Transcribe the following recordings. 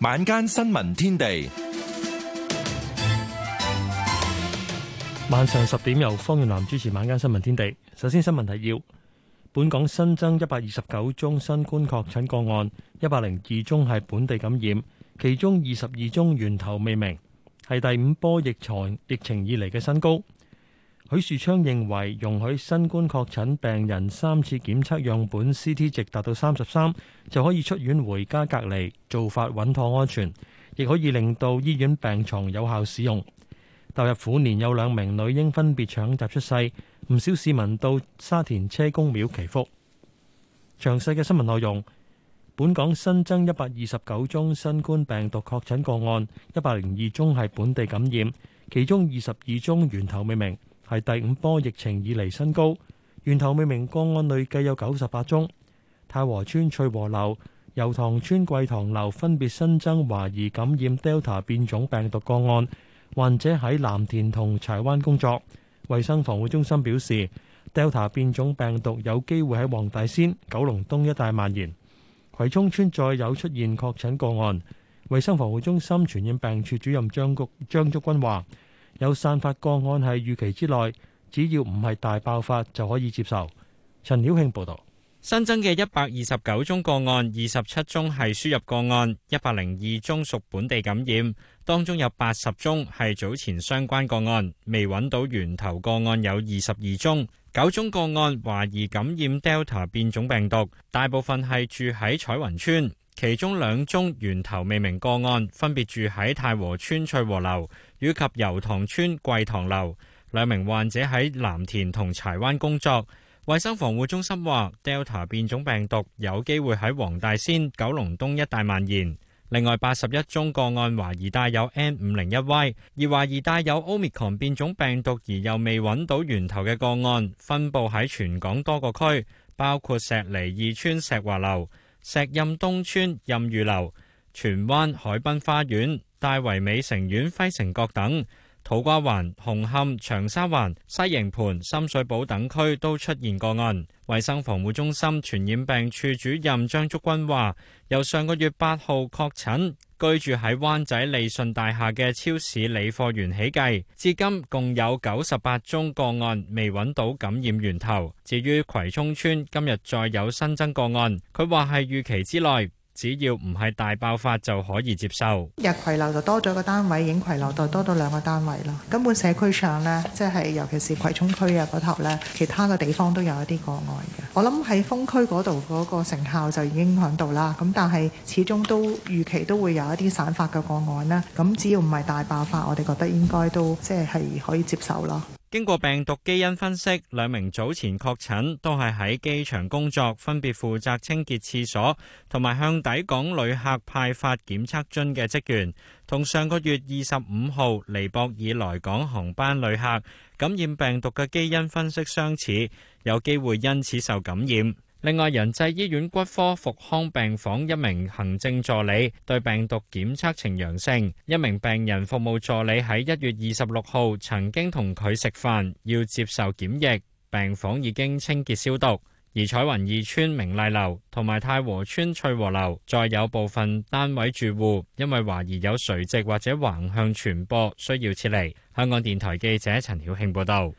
晚間新聞天地，晚上十點由方月南主持晚間新聞天地。首先新聞提要：本港新增一百二十九宗新冠確診個案，一百零二宗係本地感染，其中二十二宗源頭未明，係第五波疫情以嚟嘅新高。許樹昌認為容許新冠確診病人三次檢測樣本 CT 值達到三十三就可以出院回家隔離，做法穩妥安全，亦可以令到醫院病牀有效使用。踏入虎年有兩名女嬰分別搶閘出世，唔少市民到沙田車公廟祈福。詳細嘅新聞內容，本港新增一百二十九宗新冠病毒確診個案，一百零二宗係本地感染，其中二十二宗源頭未明。係第五波疫情以嚟新高，源頭未明，個案累計有九十八宗。太和村翠和樓、油塘村桂塘樓分別新增懷疑感染 Delta 變種病毒個案，患者喺藍田同柴灣工作。衛生防護中心表示，Delta 變種病毒有機會喺黃大仙、九龍東一帶蔓延。葵涌村再有出現確診個案，衛生防護中心傳染病處主任張局張竹君話。有散發個案係預期之內，只要唔係大爆發就可以接受。陳曉慶報導，新增嘅一百二十九宗個案，二十七宗係輸入個案，一百零二宗屬本地感染，當中有八十宗係早前相關個案，未揾到源頭個案有二十二宗，九宗個案懷疑感染 Delta 變種病毒，大部分係住喺彩雲村。其中兩宗源頭未明個案，分別住喺太和村翠和樓以及油塘村桂塘樓。兩名患者喺藍田同柴灣工作。衛生防護中心話，Delta 變種病毒有機會喺黃大仙、九龍東一帶蔓延。另外，八十一宗個案懷疑帶有 N501Y，而懷疑帶有 Omicron 變種病毒而又未揾到源頭嘅個案，分布喺全港多個區，包括石梨二村石華樓。石蔭東村任魚、任譽樓、荃灣海濱花園、大圍美城苑、輝城閣等。土瓜灣、紅磡、長沙灣、西營盤、深水埗等區都出現個案。衛生防護中心傳染病處主任張竹君話：由上個月八號確診，居住喺灣仔利信大廈嘅超市理貨員起計，至今共有九十八宗個案未揾到感染源頭。至於葵涌村今日再有新增個案，佢話係預期之內。只要唔係大爆發就可以接受。日葵樓就多咗個單位，影葵樓就多咗兩個單位咯。根本社區上呢，即係尤其是葵涌區啊嗰頭咧，其他嘅地方都有一啲個案嘅。我諗喺封區嗰度嗰個成效就已經響度啦。咁但係始終都預期都會有一啲散發嘅個案啦。咁只要唔係大爆發，我哋覺得應該都即係、就是、可以接受咯。經過病毒基因分析，兩名早前確診都係喺機場工作，分別負責清潔廁所同埋向抵港旅客派發檢測樽嘅職員，同上個月二十五號尼泊爾來港航班旅客感染病毒嘅基因分析相似，有機會因此受感染。另外，仁濟醫院骨科復康病房一名行政助理對病毒檢測呈陽性，一名病人服務助理喺一月二十六號曾經同佢食飯，要接受檢疫，病房已經清潔消毒。而彩雲二村明麗樓同埋太和村翠和樓，再有部分單位住戶因為懷疑有垂直或者橫向傳播，需要撤離。香港電台記者陳曉慶報道。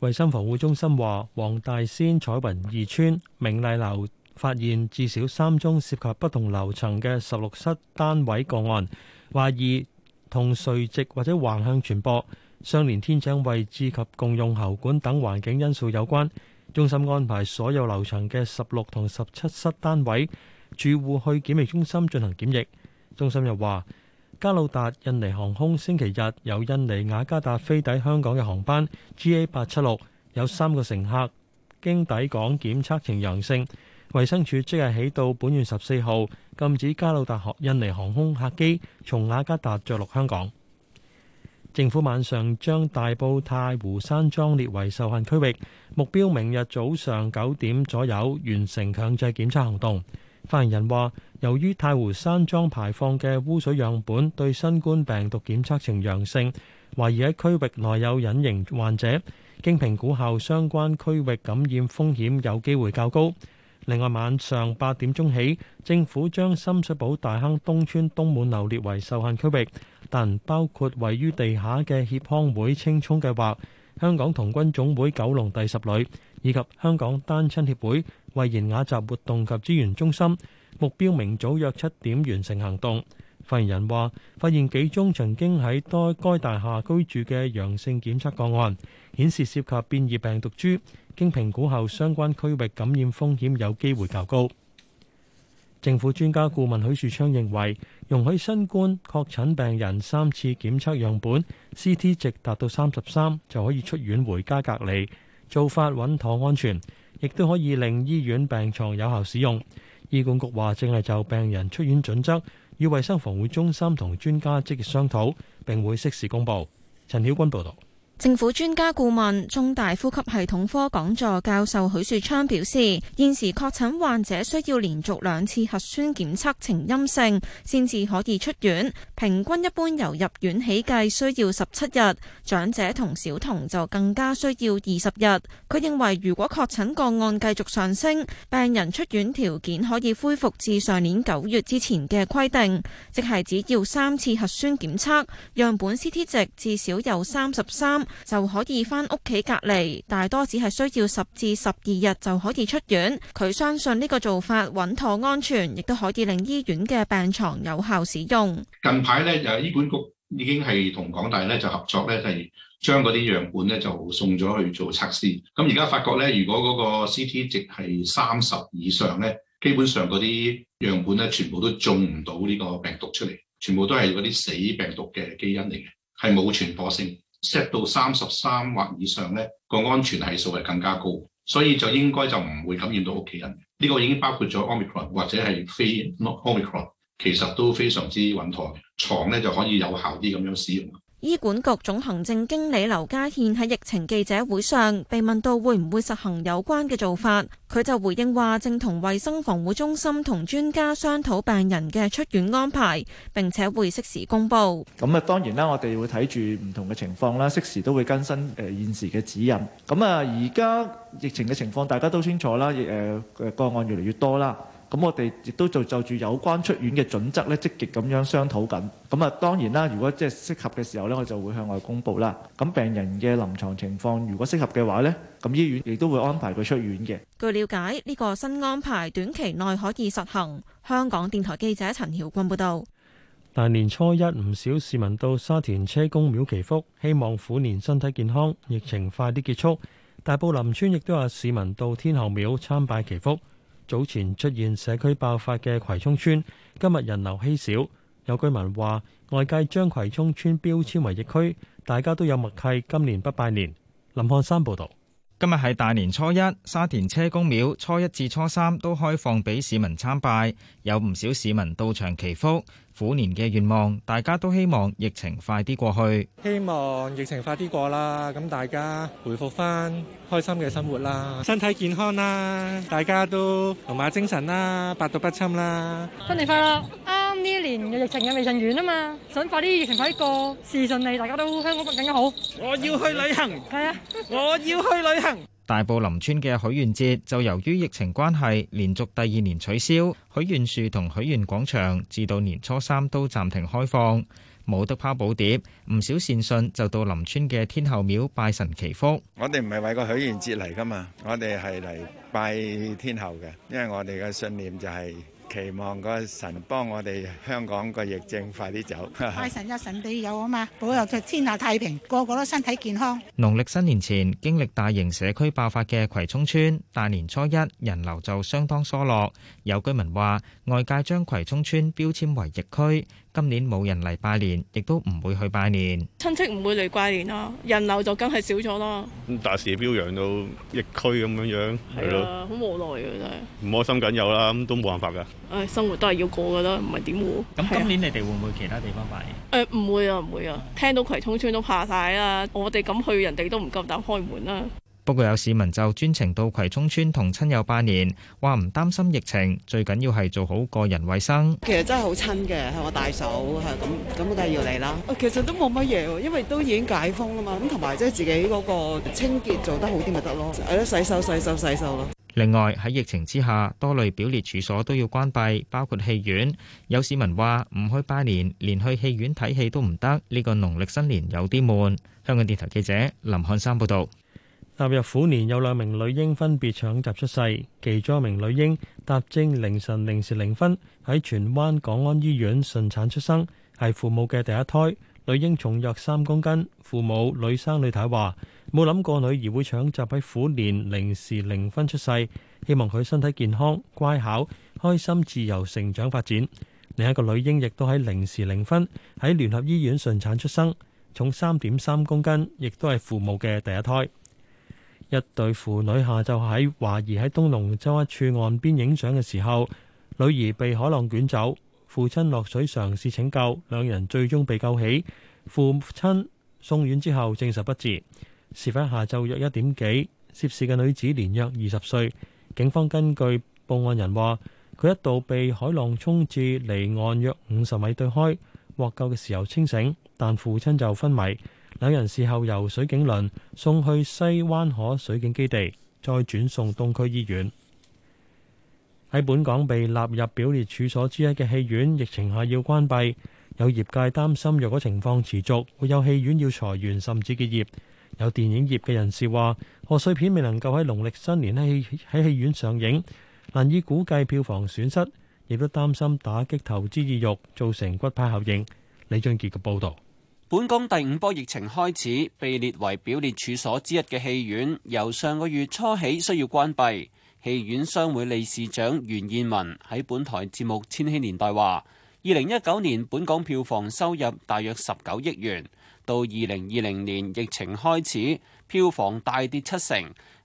衛生防護中心話，黃大仙彩雲二邨明麗樓發現至少三宗涉及不同樓層嘅十六室單位個案，懷疑同垂直或者橫向傳播，相連天井位置及共用喉管等環境因素有關。中心安排所有樓層嘅十六同十七室單位住戶去檢疫中心進行檢疫。中心又話。加魯達印尼航空星期日由印尼雅加達飛抵香港嘅航班 GA876，有三個乘客經抵港檢測呈陽性，衛生署即日起到本月十四號禁止加魯達印尼航空客機從雅加達着陸香港。政府晚上將大埔太湖山莊列為受限區域，目標明日早上九點左右完成強制檢測行動。發言人話，由於太湖山莊排放嘅污水樣本對新冠病毒檢測呈陽性，懷疑喺區域內有隱形患者。經評估後，相關區域感染風險有機會較高。另外，晚上八點鐘起，政府將深水埗大坑東村東滿樓列為受限區域，但包括位於地下嘅協康會青蔥計劃、香港童軍總會九龍第十旅以及香港單親協會。慧賢雅集活動及資源中心目標明早約七點完成行動。發言人話：發現幾宗曾經喺該大廈居住嘅陽性檢測個案，顯示涉及變異病毒株。經評估後，相關區域感染風險有機會較高。政府專家顧問許樹昌認為，容許新冠確診病人三次檢測樣本，CT 值達到三十三，就可以出院回家隔離，做法穩妥安全。亦都可以令醫院病床有效使用。醫管局話，正係就病人出院準則與衞生防護中心同專家積極商討，並會適時公佈。陳曉君報道。政府專家顧問、中大呼吸系統科講座教授許樹昌表示，現時確診患者需要連續兩次核酸檢測呈陰性，先至可以出院。平均一般由入院起計需要十七日，長者同小童就更加需要二十日。佢認為，如果確診個案繼續上升，病人出院條件可以恢復至上年九月之前嘅規定，即係只要三次核酸檢測樣本 Ct 值至少有三十三。就可以翻屋企隔離，大多只係需要十至十二日就可以出院。佢相信呢個做法穩妥安全，亦都可以令醫院嘅病床有效使用。近排咧，就醫管局已經係同港大咧就合作咧，係將嗰啲樣本咧就送咗去做測試。咁而家發覺咧，如果嗰個 CT 值係三十以上咧，基本上嗰啲樣本咧全部都種唔到呢個病毒出嚟，全部都係嗰啲死病毒嘅基因嚟嘅，係冇傳播性。set 到三十三或以上咧，個安全係數係更加高，所以就應該就唔會感染到屋企人。呢、這個已經包括咗 Omicron 或者係非 Omicron，其實都非常之穩妥，床咧就可以有效啲咁樣使用。醫管局總行政經理劉家憲喺疫情記者會上被問到會唔會實行有關嘅做法，佢就回應話正同衛生防護中心同專家商討病人嘅出院安排，並且會適時公佈。咁啊，當然啦，我哋會睇住唔同嘅情況啦，適時都會更新誒現時嘅指引。咁啊，而家疫情嘅情況大家都清楚啦，誒個案越嚟越多啦。咁我哋亦都就就住有關出院嘅準則咧，積極咁樣商討緊。咁啊，當然啦，如果即係適合嘅時候咧，我就會向外公佈啦。咁病人嘅臨床情況，如果適合嘅話咧，咁醫院亦都會安排佢出院嘅。據了解，呢個新安排短期內可以實行。香港電台記者陳曉君報導。大年初一，唔少市民到沙田車公廟祈福，希望虎年身體健康，疫情快啲結束。大埔林村亦都有市民到天后廟參拜祈福。早前出現社區爆發嘅葵涌村，今日人流稀少，有居民話：外界將葵涌村標籤為疫區，大家都有默契，今年不拜年。林漢山報導。今日係大年初一，沙田車公廟初一至初三都開放俾市民參拜，有唔少市民到場祈福，虎年嘅願望，大家都希望疫情快啲過去。希望疫情快啲過啦，咁大家回復返開心嘅生活啦，身體健康啦，大家都龍馬精神啦，百毒不侵啦，新年快樂！呢一年嘅疫情又未塵完啊嘛，想快啲疫情快過，事順利，大家都香港環境又好。我要去旅行，係啊，我要去旅行。大埔林村嘅許願節就由於疫情關係，連續第二年取消。許願樹同許願廣場至到年初三都暫停開放，冇得拋寶牒。唔少善信就到林村嘅天后廟拜神祈福。我哋唔係為個許願節嚟㗎嘛，我哋係嚟拜天后嘅，因為我哋嘅信念就係。期望個神幫我哋香港個疫症快啲走。拜神，一神地有啊嘛，保佑佢天下太平，個個都身體健康。農曆新年前經歷大型社區爆發嘅葵涌村，大年初一人流就相當疏落。有居民話，外界將葵涌村標籤為疫區。今年冇人嚟拜年，亦都唔會去拜年。親戚唔會嚟拜年啦，人流就梗係少咗啦。大時表揚到疫區咁樣樣，係咯的，好無奈噶真係。唔開心緊有啦，咁都冇辦法噶。唉、哎，生活都係要過噶啦，唔係點活。咁今年的你哋會唔會其他地方拜年？誒、呃，唔會啊，唔會啊，聽到葵涌村都怕晒啦。我哋咁去，人哋都唔夠膽開門啦。不過有市民就專程到葵涌村同親友拜年，話唔擔心疫情，最緊要係做好個人衛生。其實真係好親嘅，係我大嫂。係咁咁，梗係要你啦。其實都冇乜嘢，因為都已經解封啦嘛。咁同埋即係自己嗰個清潔做得好啲，咪得咯。係咯，洗手、洗手、洗手咯。另外喺疫情之下，多類表列處所都要關閉，包括戲院。有市民話唔去拜年，連去戲院睇戲都唔得，呢個農曆新年有啲悶。香港電台記者林漢山報道。踏入虎年，有兩名女嬰分別搶閘出世。其中一名女嬰搭正凌晨零時零分喺荃灣港安醫院順產出生，係父母嘅第一胎，女嬰重約三公斤。父母女生女太話冇諗過女兒會搶閘喺虎年零時零分出世，希望佢身體健康、乖巧、開心、自由成長發展。另一個女嬰亦都喺零時零分喺聯合醫院順產出生，重三點三公斤，亦都係父母嘅第一胎。一對父女下晝懷疑喺東龍洲一處岸邊影相嘅時候，女兒被海浪捲走，父親落水嘗試拯救，兩人最終被救起。父親送院之後證實不治。事發下晝約一點幾，涉事嘅女子年約二十歲。警方根據報案人話，佢一度被海浪沖至離岸約五十米對開，獲救嘅時候清醒，但父親就昏迷。兩人事後由水警輪送去西灣河水警基地，再轉送東區醫院。喺本港被納入表列處所之一嘅戲院，疫情下要關閉，有業界擔心若果情況持續，會有戲院要裁員甚至結業。有電影業嘅人士話，賀歲片未能夠喺農曆新年喺喺戲院上映，難以估計票房損失，亦都擔心打擊投資意欲，造成骨牌效應。李俊杰嘅報道。本港第五波疫情開始，被列為表列處所之一嘅戲院，由上個月初起需要關閉。戲院商會理事長袁燕文喺本台節目《千禧年代》話，二零一九年本港票房收入大約十九億元，到二零二零年疫情開始，票房大跌七成，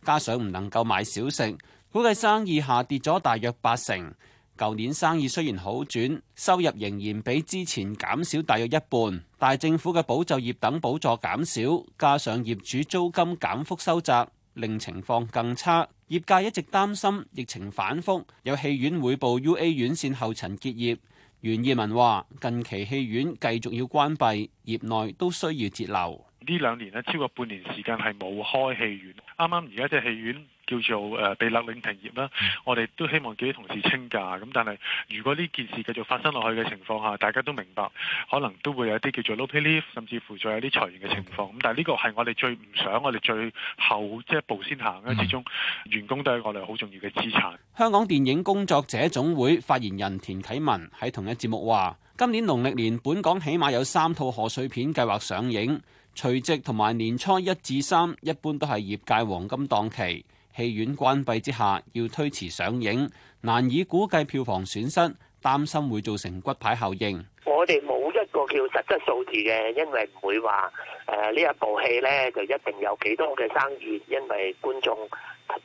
加上唔能夠買小食，估計生意下跌咗大約八成。舊年生意雖然好轉，收入仍然比之前減少大約一半。大政府嘅保就業等補助減少，加上業主租金減幅收窄，令情況更差。業界一直擔心疫情反覆，有戲院會步 UA 院線後塵結業。袁義文話：近期戲院繼續要關閉，業內都需要節流。呢兩年呢，超過半年時間係冇開戲院，啱啱而家隻戲院。叫做誒，被勒令停業啦。我哋都希望幾啲同事請假咁，但係如果呢件事繼續發生落去嘅情況下，大家都明白，可能都會有一啲叫做 low pay leave 甚至乎再有啲裁員嘅情況，咁但係呢個係我哋最唔想，我哋最後即係一步先行啦。始終員工都係我哋好重要嘅資產。香港電影工作者總會發言人田啟文喺同一節目話，今年農曆年，本港起碼有三套賀歲片計劃上映，除夕同埋年初一至三一般都係業界黃金檔期。戲院關閉之下，要推遲上映，難以估計票房損失，擔心會造成骨牌效應。我哋冇一個叫實質數字嘅，因為唔會話誒呢一部戲呢就一定有幾多嘅生意，因為觀眾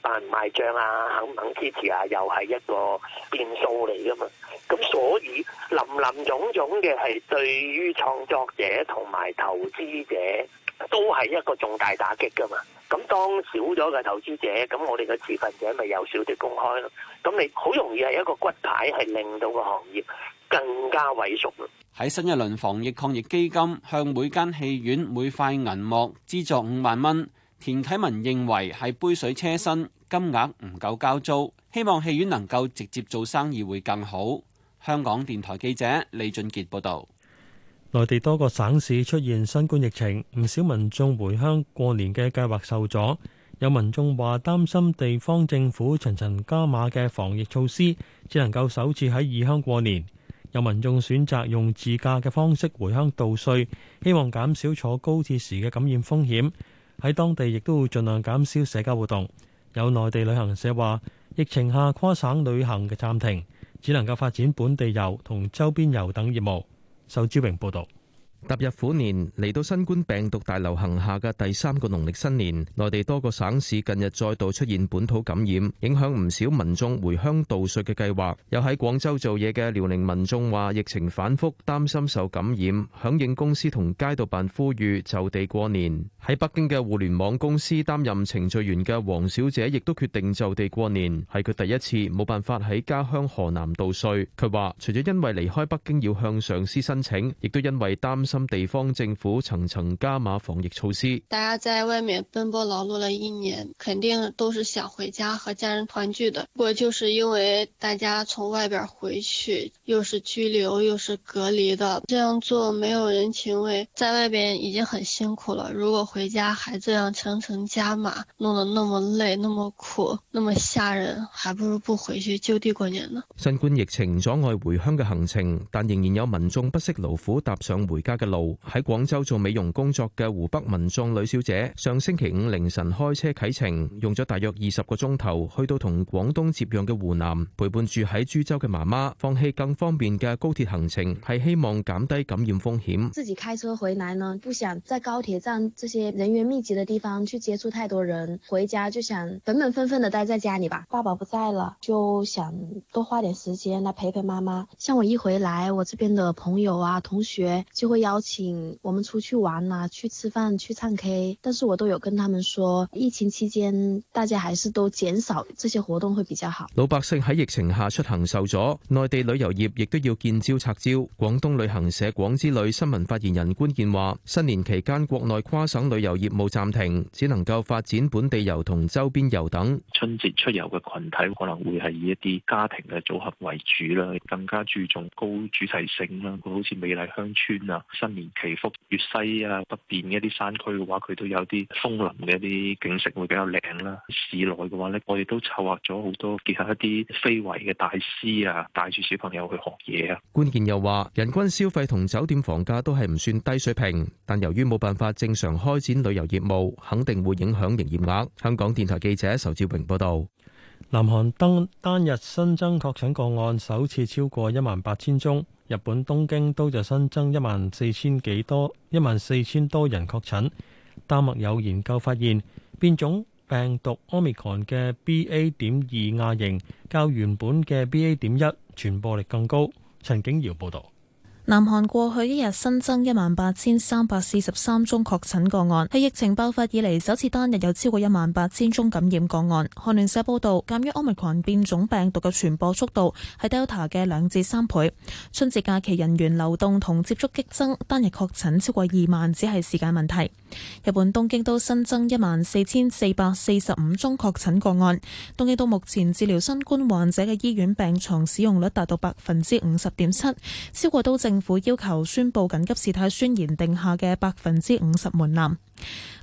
買唔買賬啊，肯唔肯支持啊，又係一個變數嚟噶嘛。咁所以林林總總嘅係對於創作者同埋投資者。都係一個重大打擊噶嘛，咁當少咗嘅投資者，咁我哋嘅持份者咪有少啲公開咯，咁你好容易係一個骨牌，係令到個行業更加萎縮咯。喺新一輪防疫抗疫基金向每間戲院每塊銀幕資助五萬蚊，田啟文認為係杯水車薪，金額唔夠交租，希望戲院能夠直接做生意會更好。香港電台記者李俊傑報道。內地多個省市出現新冠疫情，唔少民眾回鄉過年嘅計劃受阻。有民眾話擔心地方政府層層加碼嘅防疫措施，只能夠首次喺異鄉過年。有民眾選擇用自駕嘅方式回鄉度歲，希望減少坐高鐵時嘅感染風險。喺當地亦都會盡量減少社交活動。有內地旅行社話，疫情下跨省旅行嘅暫停，只能夠發展本地遊同周邊遊等業務。仇志榮報道。踏入虎年，嚟到新冠病毒大流行下嘅第三個農曆新年，內地多個省市近日再度出現本土感染，影響唔少民眾回鄉度歲嘅計劃。又喺廣州做嘢嘅遼寧民眾話：疫情反覆，擔心受感染，響應公司同街道辦呼籲就地過年。喺北京嘅互聯網公司擔任程序員嘅黃小姐，亦都決定就地過年，係佢第一次冇辦法喺家鄉河南度歲。佢話：除咗因為離開北京要向上司申請，亦都因為擔心地方政府層層加碼防疫措施，大家在外面奔波勞碌了一年，肯定都是想回家和家人團聚的。不過就是因為大家從外邊回去，又是拘留又是隔離的，這樣做沒有人情味。在外邊已經很辛苦了，如果回家還這樣層層加碼，弄得那麼累、那麼苦、那麼嚇人，還不如不回去就地過年呢。新冠疫情阻礙回鄉嘅行程，但仍然有民眾不惜勞苦，踏上回家嘅路。喺廣州做美容工作嘅湖北民眾呂小姐，上星期五凌晨開車啟程，用咗大約二十個鐘頭去到同廣東接壤嘅湖南，陪伴住喺株洲嘅媽媽。放棄更方便嘅高鐵行程，係希望減低感染風險。自己開車回來呢，不想在高鐵站這些人員密集嘅地方去接觸太多人，回家就想本本分分地待在家裏吧。爸爸不在了，就想多花點時間來陪陪媽媽。像我一回來，我這邊的朋友啊、同學就會要。邀請我們出去玩啦，去吃飯，去唱 K，但是我都有跟他們說，疫情期間大家還是都減少這些活動會比較好。老百姓喺疫情下出行受阻，內地旅遊業亦都要見招拆招。廣東旅行社廣之旅新聞發言人官健話：新年期間國內跨省旅遊業務暫停，只能夠發展本地遊同周邊遊等。春節出遊嘅群體可能會係以一啲家庭嘅組合為主啦，更加注重高主題性啦，好似美麗鄉村啊。新年祈福，粵西啊北邊一啲山區嘅話，佢都有啲楓林嘅一啲景色會比較靚啦。市內嘅話咧，我哋都策劃咗好多，結合一啲非遺嘅大師啊，帶住小朋友去學嘢啊。關鍵又話人均消費同酒店房價都係唔算低水平，但由於冇辦法正常開展旅遊業務，肯定會影響營業額，香港電台記者仇志平報道。南韓單單日新增確診個案首次超過一萬八千宗，日本東京都就新增一萬四千幾多一萬四千多人確診。丹麥有研究發現，變種病毒 Omicron 嘅 BA. 點二亞型較原本嘅 BA. 點一傳播力更高。陳景瑤報道。南韓過去一日新增一萬八千三百四十三宗確診個案，喺疫情爆發以嚟首次單日有超過一萬八千宗感染個案。韓聯社報道，鑑於 Omicron 變種病毒嘅傳播速度係 Delta 嘅兩至三倍，春節假期人員流動同接觸激增，單日確診超過二萬只係時間問題。日本東京都新增一萬四千四百四十五宗確診個案，東京都目前治療新冠患者嘅醫院病床使用率達到百分之五十點七，超過都值。政府要求宣布緊急事態宣言定下嘅百分之五十門檻。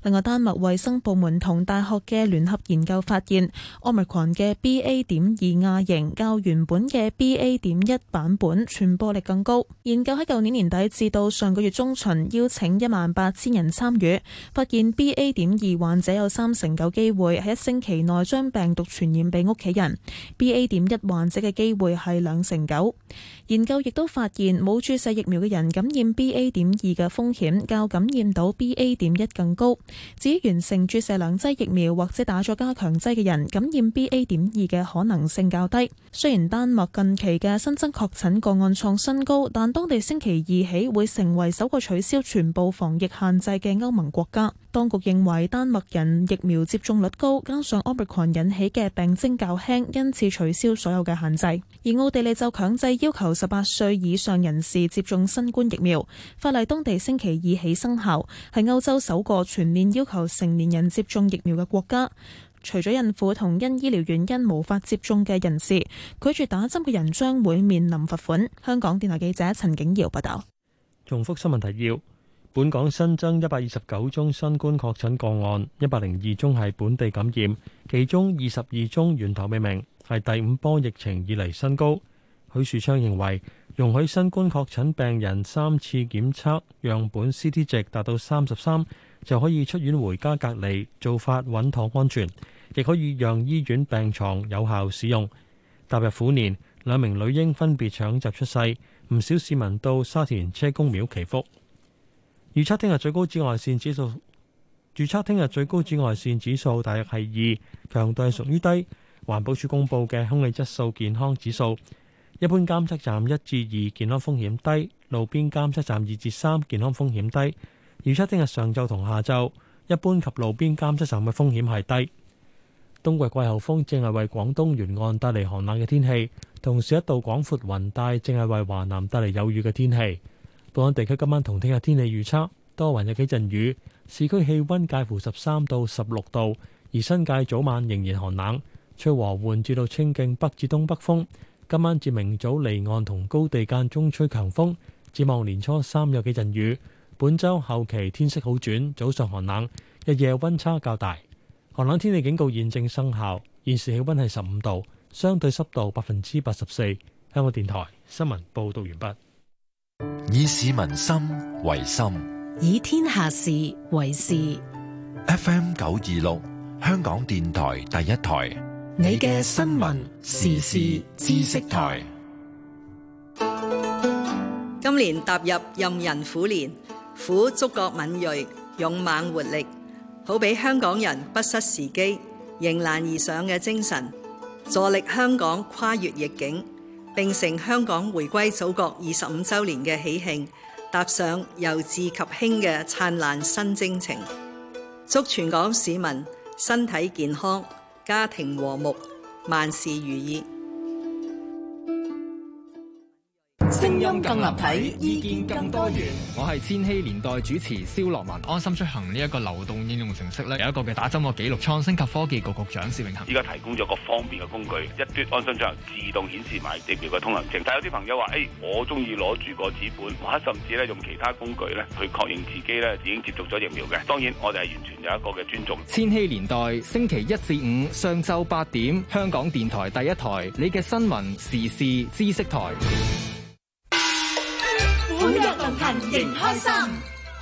另外，丹麥衛生部門同大學嘅聯合研究發現，奧密克戎嘅 BA. 點二亞型較原本嘅 BA. 點一版本傳播力更高。研究喺舊年年底至到上個月中旬邀請一萬八千人參與，發現 BA. 點二患者有三成九機會喺一星期內將病毒傳染俾屋企人，BA. 點一患者嘅機會係兩成九。研究亦都發現，冇注射疫苗嘅人感染 BA. 點二嘅風險較感染到 BA. 點一更高。高至於完成注射兩劑疫苗或者打咗加強劑嘅人，感染 BA 點二嘅可能性較低。雖然丹麥近期嘅新增確診個案創新高，但當地星期二起會成為首個取消全部防疫限制嘅歐盟國家。當局認為丹麥人疫苗接種率高，加上 Omicron 引起嘅病徵較輕，因此取消所有嘅限制。而奧地利就強制要求十八歲以上人士接種新冠疫苗，法例當地星期二起生效，係歐洲首個全面要求成年人接種疫苗嘅國家。除咗孕婦同因醫療原因無法接種嘅人士，拒絕打針嘅人將會面臨罰款。香港電台記者陳景堯報道。重複新聞提要。本港新增一百二十九宗新冠確診個案，一百零二宗係本地感染，其中二十二宗源頭未明，係第五波疫情以嚟新高。許樹昌認為，容許新冠確診病人三次檢測樣本 CT 值達到三十三就可以出院回家隔離，做法穩妥安全，亦可以讓醫院病床有效使用。踏入虎年，兩名女嬰分別搶閘出世，唔少市民到沙田車公廟祈福。預測聽日最高紫外線指數，預測聽日最高紫外線指數大約係二，強度係屬於低。環保署公布嘅空氣質素健康指數，一般監測站一至二，健康風險低；路邊監測站二至三，健康風險低。預測聽日上晝同下晝，一般及路邊監測站嘅風險係低。冬季季候風正係為廣東沿岸帶嚟寒冷嘅天氣，同時一道廣闊雲帶正係為華南帶嚟有雨嘅天氣。本港地區今晚同聽日天氣預測，多雲有幾陣雨，市區氣溫介乎十三到十六度，而新界早晚仍然寒冷。吹和緩至到清勁北至東北風，今晚至明早離岸同高地間中吹強風，展望年初三有幾陣雨。本周後期天色好轉，早上寒冷，日夜溫差較大。寒冷天氣警告現正生效，現時氣溫係十五度，相對濕度百分之八十四。香港電台新聞報道完畢。以市民心為心，以天下事為事。FM 九二六，香港電台第一台，你嘅新聞時事知識台。今年踏入壬寅虎年，虎觸覺敏銳、勇猛活力，好比香港人不失時機迎難而上嘅精神，助力香港跨越逆境。並成香港回歸祖國二十五週年嘅喜慶，踏上由治及興嘅燦爛新征程。祝全港市民身體健康、家庭和睦、萬事如意！聲音更立體，意見更多元。我係千禧年代主持蕭樂文。安心出行呢一個流動應用程式咧，有一個嘅打針個記錄，創新及科技局局長薛永恆，依家提供咗個方便嘅工具，一端安心出行自動顯示埋疫苗嘅通行證。但有啲朋友話，誒、哎，我中意攞住個紙本，或者甚至咧，用其他工具咧去確認自己咧已經接種咗疫苗嘅。當然，我哋係完全有一個嘅尊重。千禧年代星期一至五上晝八點，香港電台第一台你嘅新聞時事知識台。仍開心，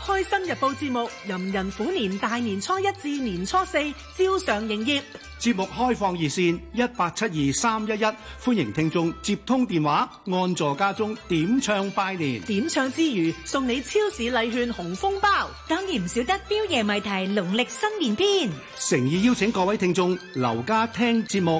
開心日報節目，人人虎年大年初一至年初四照常營業。節目開放熱線一八七二三一一，11，歡迎聽眾接通電話，安坐家中點唱拜年，點唱之餘送你超市禮券、紅封包。當然唔少得，標爺謎題農曆新年篇，誠意邀請各位聽眾留家聽節目。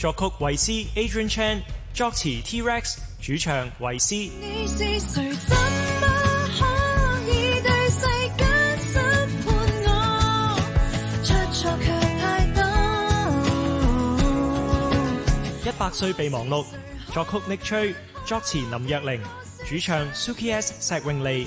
作曲維斯 Adrian Chan，作詞 T Rex，主唱維斯。你是誰，怎麼可以對世間審判，我出錯卻太多。一百歲備忘錄，作曲覓吹，作詞林若玲，主唱 Suki S 石詠利。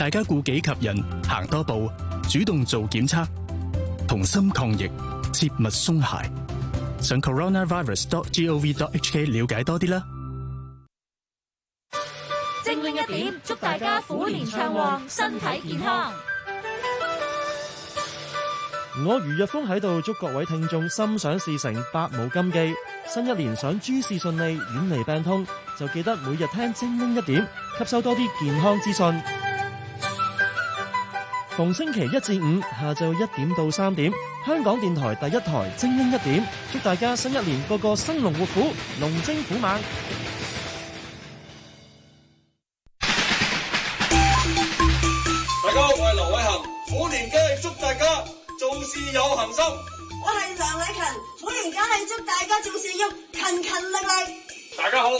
大家顧己及人，行多步，主動做檢測，同心抗疫，切勿鬆懈。上 coronavirus.gov.hk 了解多啲啦。精靈一點，祝大家虎年暢旺，身體健康。我余若峰喺度祝各位聽眾心想事成，百無禁忌。新一年想諸事順利，遠離病痛，就記得每日聽精靈一點，吸收多啲健康資訊。逢星期一至五下晝一點到三點，香港電台第一台精英一點，祝大家新一年個個生龍活虎、龍精虎猛。大家好，我係劉偉恒，虎年梗係祝大家做事有恒心。我係梁偉勤，虎年梗係祝大家做事要勤勤力力。大家好。